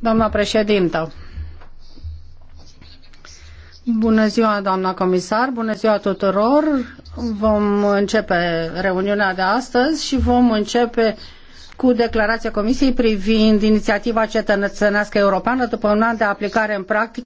Doamnă președintă, bună ziua, doamna comisar, bună ziua tuturor. Vom începe reuniunea de astăzi și vom începe cu declarația Comisiei privind inițiativa cetățenească europeană după un an de aplicare în practică.